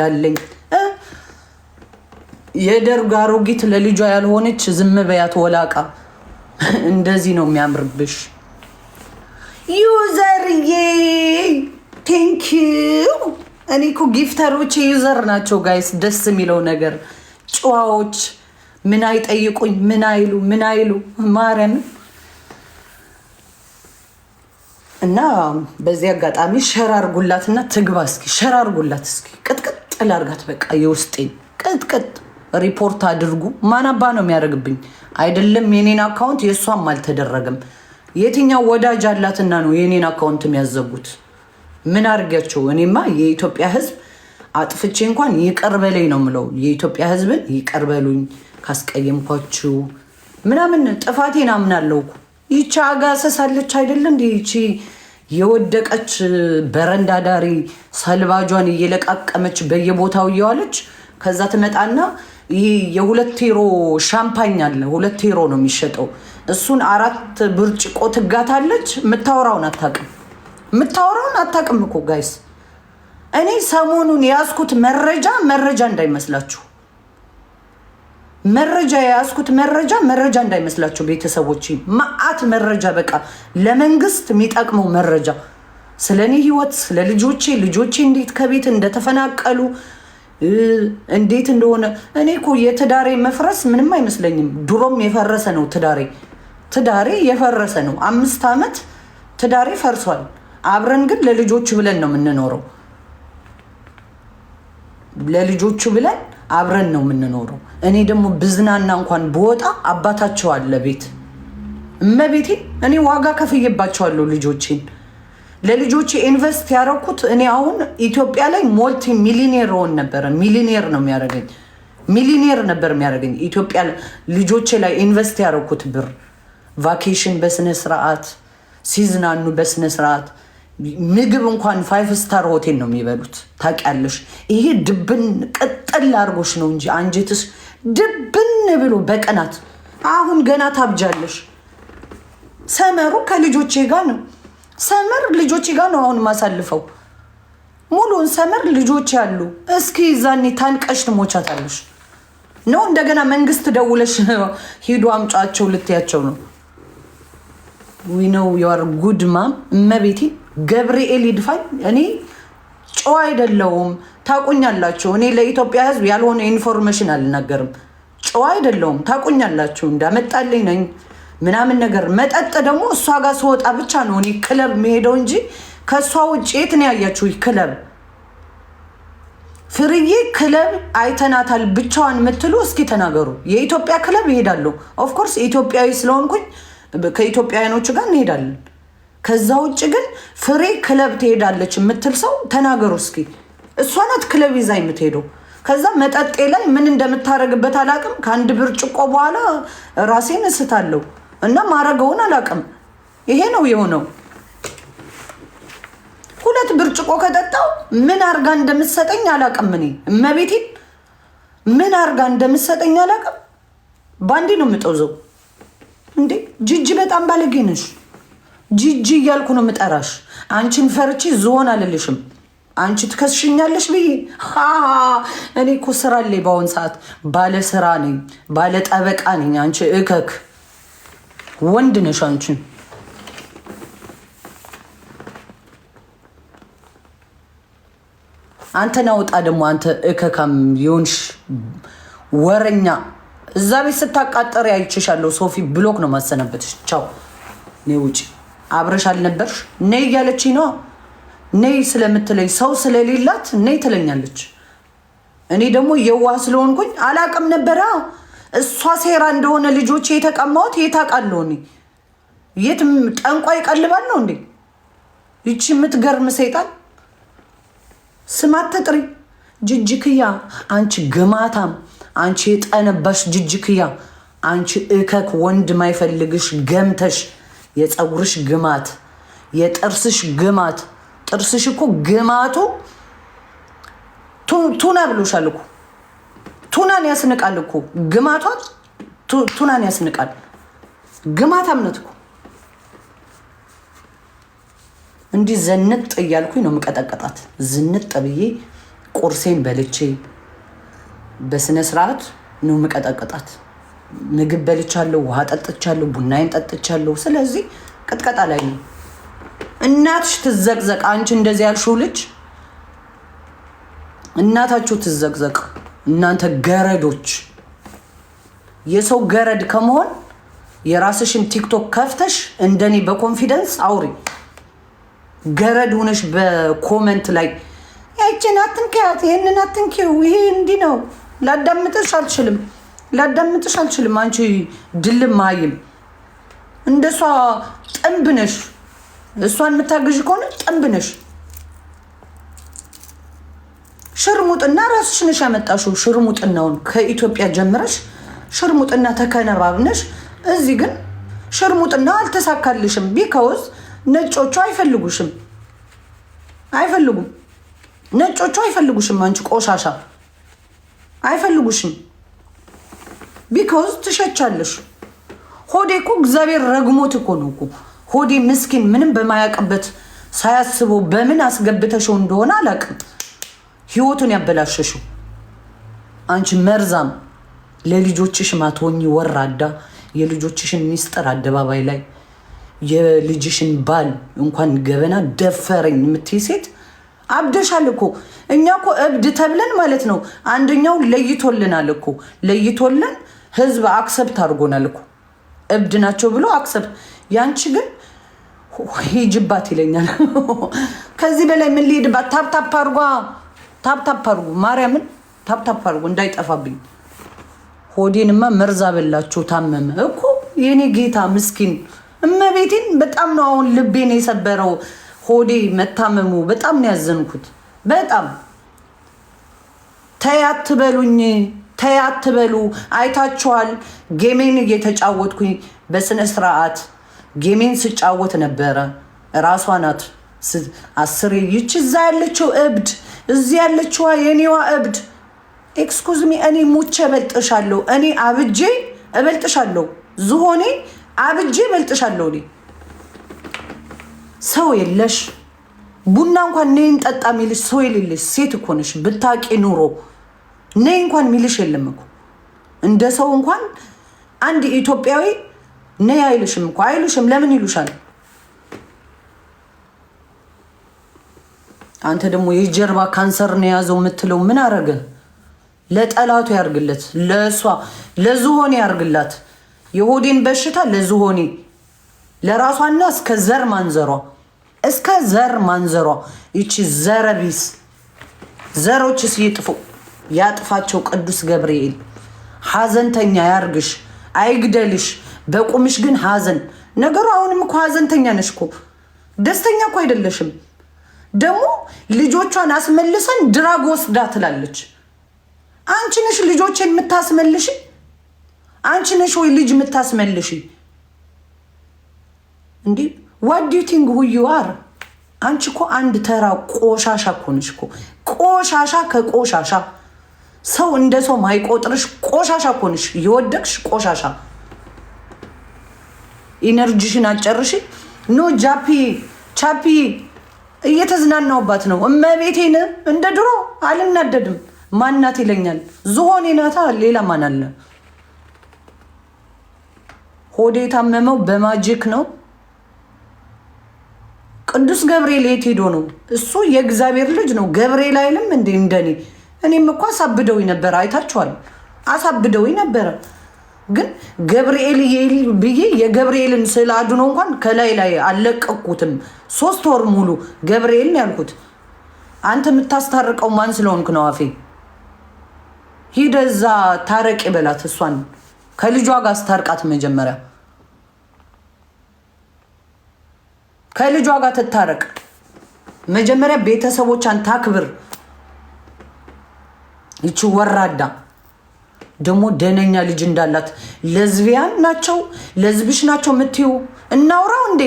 እገዳለኝ። የደርግ አሮጊት ለልጇ ያልሆነች ዝም በያት ወላቃ። እንደዚህ ነው የሚያምርብሽ ዩዘርዬ። ቴንኪው። እኔ እኮ ጊፍተሮች ዩዘር ናቸው ጋይስ። ደስ የሚለው ነገር ጨዋዎች ምን አይጠይቁኝ፣ ምን አይሉ፣ ምን አይሉ ማረን እና በዚህ አጋጣሚ ሸራር ጉላትና ትግባ። እስኪ ሸር እስኪ ቅጥቅጥ ቅጥቅል አርጋት በቃ የውስጤን ቅጥቅጥ ሪፖርት አድርጉ። ማናባ ነው የሚያደርግብኝ? አይደለም የኔን አካውንት የእሷም አልተደረገም። የትኛው ወዳጅ አላትና ነው የኔን አካውንት የሚያዘጉት? ምን አድርጊያቸው? እኔማ የኢትዮጵያ ሕዝብ አጥፍቼ እንኳን ይቅር በለኝ ነው ምለው። የኢትዮጵያ ሕዝብን ይቅር በሉኝ ካስቀየምኳችሁ ምናምን ጥፋቴን አምናለሁ። ይቺ አጋሰሳለች አይደለም ይቺ የወደቀች በረንዳ ዳሪ ሰልባጇን እየለቃቀመች በየቦታው እየዋለች ከዛ ትመጣና ይህ የሁለት ሮ ሻምፓኝ አለ። ሁለት ሮ ነው የሚሸጠው። እሱን አራት ብርጭቆ ትጋታለች። የምታወራውን አታውቅም። የምታወራውን አታውቅም እኮ ጋይስ። እኔ ሰሞኑን የያዝኩት መረጃ መረጃ እንዳይመስላችሁ መረጃ የያዝኩት መረጃ መረጃ እንዳይመስላቸው ቤተሰቦች፣ መዓት መረጃ በቃ ለመንግስት የሚጠቅመው መረጃ ስለ እኔ ህይወት፣ ስለ ልጆቼ ልጆቼ እንዴት ከቤት እንደተፈናቀሉ እንዴት እንደሆነ። እኔ እኮ የትዳሬ መፍረስ ምንም አይመስለኝም። ድሮም የፈረሰ ነው ትዳሬ ትዳሬ የፈረሰ ነው። አምስት ዓመት ትዳሬ ፈርሷል። አብረን ግን ለልጆቹ ብለን ነው የምንኖረው ለልጆቹ ብለን አብረን ነው የምንኖረው። እኔ ደግሞ ብዝናና እንኳን ብወጣ አባታቸው አለ ቤት እመቤቴ። እኔ ዋጋ ከፍዬባቸዋለሁ ልጆቼን። ለልጆቼ ኢንቨስት ያደረኩት እኔ አሁን ኢትዮጵያ ላይ ሞልቲ ሚሊኔር ሆን ነበረ። ሚሊኔር ነው የሚያደርገኝ፣ ሚሊኔር ነበር የሚያደርገኝ ኢትዮጵያ ልጆቼ ላይ ኢንቨስት ያደረኩት ብር ቫኬሽን በስነስርዓት ሲዝናኑ በስነስርዓት ምግብ እንኳን ፋይቭ ስታር ሆቴል ነው የሚበሉት ታውቂያለሽ። ይሄ ድብን ቅጥ ቅጥል አድርጎሽ ነው እንጂ አንጀትሽ ድብን ብሎ በቀናት አሁን ገና ታብጃለሽ። ሰመሩ ከልጆቼ ጋር ነው። ሰመር ልጆቼ ጋር ነው አሁን ማሳልፈው ሙሉን ሰመር ልጆች ያሉ። እስኪ ዛኔ ታንቀሽ ትሞቻታለሽ ነው። እንደገና መንግስት ደውለሽ ሂዱ አምጫቸው ልትያቸው ነው። ዊነው የዋር ጉድማም እመቤቴ ገብርኤል ይድፋኝ። እኔ ጨዋ አይደለውም ታቁኛላችሁ። እኔ ለኢትዮጵያ ሕዝብ ያልሆነ ኢንፎርሜሽን አልናገርም። ጨዋ አይደለውም ታቁኛላችሁ። እንዳመጣልኝ ነኝ ምናምን ነገር። መጠጥ ደግሞ እሷ ጋር ስወጣ ብቻ ነው እኔ ክለብ መሄደው እንጂ ከእሷ ውጭ የት ነው ያያችሁ? ክለብ ፍርዬ ክለብ አይተናታል ብቻዋን የምትሉ እስኪ ተናገሩ። የኢትዮጵያ ክለብ ይሄዳለሁ። ኦፍኮርስ ኢትዮጵያዊ ስለሆንኩኝ ከኢትዮጵያውያኖቹ ጋር እንሄዳለን። ከዛ ውጭ ግን ፍሬ ክለብ ትሄዳለች የምትል ሰው ተናገሩ እስኪ። እሷ ናት ክለብ ይዛ የምትሄደው። ከዛ መጠጤ ላይ ምን እንደምታደርግበት አላቅም ከአንድ ብርጭቆ በኋላ ራሴን እስታለሁ እና ማረገውን አላቅም ይሄ ነው የሆነው። ሁለት ብርጭቆ ከጠጣው ምን አርጋ እንደምትሰጠኝ አላቅም። እኔ እመቤቴን ምን አርጋ እንደምትሰጠኝ አላቅም? በአንዴ ነው የምጠውዘው። እንዴ ጂጂ በጣም ባለጌ ነሽ። ጂጂ እያልኩ ነው የምጠራሽ። አንቺን ፈርቼ ዝሆን አልልሽም። አንቺ ትከስሽኛለሽ ብዬ እኔ እኮ ስራ አለኝ። በአሁን ሰዓት ባለ ስራ ነኝ፣ ባለ ጠበቃ ነኝ። አንቺ እከክ ወንድ ነሽ አንቺ። አንተ ናውጣ ደግሞ አንተ እከካም የሆንሽ ወረኛ። እዛ ቤት ስታቃጠር ያይችሻለሁ። ሶፊ ብሎክ ነው ማሰናበትሽ። ቻው፣ ኔ ውጪ። አብረሽ አልነበርሽ ነይ እያለችኝ ነው ነይ ስለምትለኝ ሰው ስለሌላት ነይ ትለኛለች። እኔ ደግሞ የዋህ ስለሆንኩኝ አላቅም ነበረ። እሷ ሴራ እንደሆነ ልጆች የተቀማሁት የት አውቃለሁ እኔ። የት ጠንቋ ይቀልባል ነው እንዴ? ይቺ የምትገርም ሰይጣን ስማት ተጥሪ ጅጅክያ፣ አንቺ ግማታም፣ አንቺ የጠነባሽ ጅጅክያ፣ አንቺ እከክ ወንድ ማይፈልግሽ ገምተሽ፣ የፀጉርሽ ግማት፣ የጥርስሽ ግማት ጥርስሽ እኮ ግማቱ ቱና ብሎሻል እኮ ቱናን ያስንቃል እኮ ግማቷ ቱናን ያስንቃል። ግማት እምነት እኮ እንዲህ ዝንጥ እያልኩኝ ነው የምቀጠቀጣት። ዝንጥ ብዬ ቁርሴን በልቼ በስነ ስርዓት ነው የምቀጠቀጣት። ምግብ በልቻለሁ፣ ውሃ ጠጥቻለሁ፣ ቡናዬን ጠጥቻለሁ። ስለዚህ ቅጥቀጣ ላይ ነው። እናትሽ ትዘቅዘቅ። አንቺ እንደዚህ ያልሽው ልጅ እናታችሁ ትዘቅዘቅ። እናንተ ገረዶች፣ የሰው ገረድ ከመሆን የራስሽን ቲክቶክ ከፍተሽ እንደኔ በኮንፊደንስ አውሪ። ገረድ ሆነሽ በኮመንት ላይ ያችን አትንኪያት፣ ይህንን አትንኪው፣ ይሄ እንዲህ ነው። ላዳምጥሽ አልችልም፣ ላዳምጥሽ አልችልም። አንቺ ድልም አይም እንደሷ ጥንብ ነሽ። እሷን የምታግዥ ከሆነ ጥንብ ነሽ፣ ሽርሙጥና ራስሽ ነሽ ያመጣሽው። ሽርሙጥናውን ከኢትዮጵያ ጀምረሽ ሽርሙጥና ተከነባብነሽ፣ እዚህ ግን ሽርሙጥና አልተሳካልሽም። ቢካውዝ ነጮቹ አይፈልጉሽም፣ አይፈልጉም። ነጮቹ አይፈልጉሽም። አንቺ ቆሻሻ አይፈልጉሽም። ቢካውዝ ትሸቻለሽ። ሆዴ እኮ እግዚአብሔር ረግሞት እኮ ነው እኮ ሆዴ ምስኪን ምንም በማያውቅበት ሳያስበው በምን አስገብተሽው እንደሆነ አላውቅም። ህይወቱን ያበላሸሽው አንቺ መርዛም፣ ለልጆችሽ ማትሆኚ ወራዳ፣ የልጆችሽን ሚስጥር አደባባይ ላይ የልጅሽን ባል እንኳን ገበና ደፈረኝ የምትይ ሴት አብደሻል እኮ። እኛ እኮ እብድ ተብለን ማለት ነው። አንደኛው ለይቶልናል እኮ ለይቶልን፣ ህዝብ አክሰብት አድርጎናል እኮ እብድ ናቸው ብሎ አክሰብት ያንቺ ግን ሂጅባት ይለኛል። ከዚህ በላይ ምን ሊሄድባት? ታፕታፕ አርጓ፣ ታፕታፕ አርጉ፣ ማርያምን ታፕታፕ አርጉ እንዳይጠፋብኝ። ሆዴንማ መርዛ በላቸው። ታመመ እኮ የኔ ጌታ ምስኪን እመቤቴን። በጣም ነው አሁን ልቤን የሰበረው ሆዴ መታመሙ። በጣም ነው ያዘንኩት። በጣም ተያትበሉኝ ተያትበሉ። አይታችኋል ጌሜን እየተጫወትኩኝ በስነ ስርዓት ጌሜን ስጫወት ነበረ። ራሷ ናት አስሬ ይች እዛ ያለችው እብድ፣ እዚ ያለችዋ የኔዋ እብድ። ኤክስኩዝ ሚ እኔ ሙቼ እበልጥሻለሁ። እኔ አብጄ እበልጥሻለሁ። ዝሆኔ አብጄ እበልጥሻለሁ። እኔ ሰው የለሽ ቡና እንኳን ነይ እንጠጣ የሚልሽ ሰው የሌለሽ ሴት እኮ ነሽ። ብታቂ ኑሮ ነይ እንኳን የሚልሽ የለም እኮ እንደ ሰው እንኳን አንድ ኢትዮጵያዊ ነይ አይሉሽም እኮ አይሉሽም። ለምን ይሉሻል? አንተ ደግሞ የጀርባ ካንሰር ነው የያዘው የምትለው ምን አረገ? ለጠላቱ ያርግለት፣ ለእሷ ለዝሆኔ ያርግላት። የሆዴን በሽታ ለዝሆኔ ለራሷና እስከ ዘር ማንዘሯ እስከ ዘር ማንዘሯ ይቺ ዘረቢስ ዘሮች ይጥፉ፣ ያጥፋቸው። ቅዱስ ገብርኤል ሐዘንተኛ ያርግሽ፣ አይግደልሽ። በቁምሽ ግን ሀዘን ነገሩ። አሁንም እኮ ሀዘንተኛ ነሽ እኮ ደስተኛ እኮ አይደለሽም። ደግሞ ልጆቿን አስመልሰን ድራግ ወስዳ ትላለች። አንቺ ነሽ ልጆች የምታስመልሽ? አንቺ ነሽ ወይ ልጅ የምታስመልሽ? እንዲህ ዋዲቲንግ ሁዩ አር አንቺ እኮ አንድ ተራ ቆሻሻ እኮ ነሽ እኮ ቆሻሻ ከቆሻሻ ሰው እንደ ሰው ማይቆጥርሽ ቆሻሻ እኮ ነሽ። የወደቅሽ ቆሻሻ ኢነርጂሽን አጨርሽ። ኖ ጃፒ ቻፒ እየተዝናናውባት ነው። እመቤቴን እንደ ድሮ አልናደድም። ማናት ይለኛል። ዝሆኔ ናታ። ሌላ ማን አለ? ሆዴ የታመመው በማጂክ ነው። ቅዱስ ገብርኤል የት ሄዶ ነው? እሱ የእግዚአብሔር ልጅ ነው። ገብርኤል አይልም እንዴ እንደኔ። እኔም እኮ አሳብደውኝ ነበረ። አይታችኋል። አሳብደውኝ ነበረ። ግን ገብርኤል ብዬ የገብርኤልን ስዕል አድኖ እንኳን ከላይ ላይ አለቀኩትም ሶስት ወር ሙሉ ገብርኤልን ያልኩት አንተ የምታስታርቀው ማን ስለሆንክ ነው? አፌ ሂደህ እዛ ታረቂ በላት። እሷን ከልጇ ጋር አስታርቃት። መጀመሪያ ከልጇ ጋር ትታረቅ። መጀመሪያ ቤተሰቦቿን ታክብር። ይቺ ወራዳ ደግሞ ደነኛ ልጅ እንዳላት ለዝቢያን ናቸው ለዝብሽ ናቸው የምትዩ እናውራው እንዴ?